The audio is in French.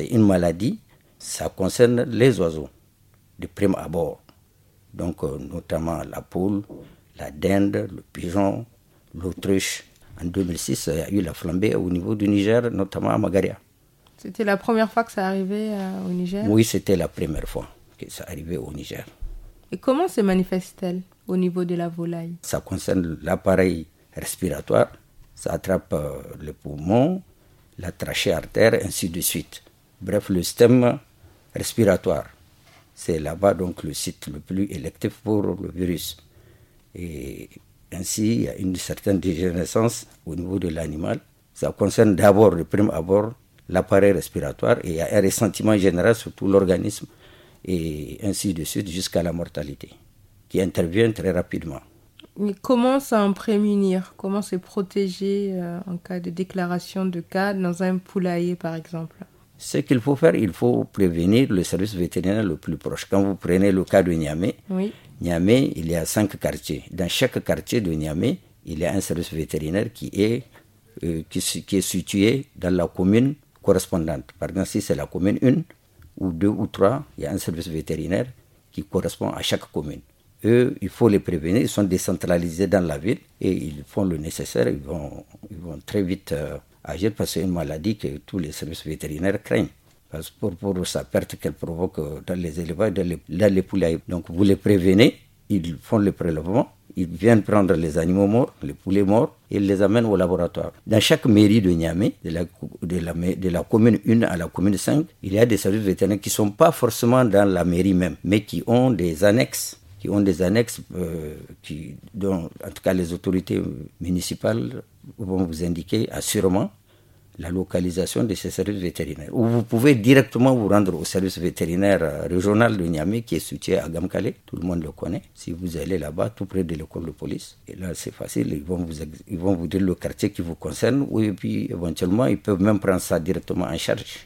c'est une maladie, ça concerne les oiseaux, de prime abord. Donc, euh, notamment la poule, la dinde, le pigeon, l'autruche. En 2006, il y a eu la flambée au niveau du Niger, notamment à Magaria. C'était la première fois que ça arrivait euh, au Niger Oui, c'était la première fois que ça arrivait au Niger. Et comment se manifeste-t-elle au niveau de la volaille Ça concerne l'appareil respiratoire, ça attrape euh, le poumon, la trachée artère, ainsi de suite bref, le système respiratoire. C'est là-bas donc le site le plus électif pour le virus. Et ainsi, il y a une certaine dégénérescence au niveau de l'animal. Ça concerne d'abord, le prime abord, l'appareil respiratoire et il y a un ressentiment général sur tout l'organisme et ainsi de suite jusqu'à la mortalité qui intervient très rapidement. Mais comment s'en prémunir Comment se protéger euh, en cas de déclaration de cas dans un poulailler par exemple ce qu'il faut faire, il faut prévenir le service vétérinaire le plus proche. Quand vous prenez le cas de Niamey, oui. il y a cinq quartiers. Dans chaque quartier de Niamey, il y a un service vétérinaire qui est, euh, qui, est situé dans la commune correspondante. Par exemple, si c'est la commune 1 ou 2 ou 3, il y a un service vétérinaire qui correspond à chaque commune. Eux, il faut les prévenir, ils sont décentralisés dans la ville et ils font le nécessaire, ils vont, ils vont très vite. Euh, Agir ah, parce que c'est une maladie que tous les services vétérinaires craignent. Parce pour, pour sa perte qu'elle provoque dans les élevages, dans les, dans les poulets. Donc vous les prévenez, ils font le prélèvement, ils viennent prendre les animaux morts, les poulets morts, et ils les amènent au laboratoire. Dans chaque mairie de Niamey, de la, de la, de la commune 1 à la commune 5, il y a des services vétérinaires qui ne sont pas forcément dans la mairie même, mais qui ont des annexes qui ont des annexes, euh, qui, dont en tout cas les autorités municipales vont vous indiquer assurément ah, la localisation de ces services vétérinaires. Ou vous pouvez directement vous rendre au service vétérinaire euh, régional de Niamey qui est situé à Gamkale, tout le monde le connaît. Si vous allez là-bas, tout près de l'école de police, et là c'est facile, ils vont, vous, ils vont vous dire le quartier qui vous concerne, ou et puis éventuellement ils peuvent même prendre ça directement en charge.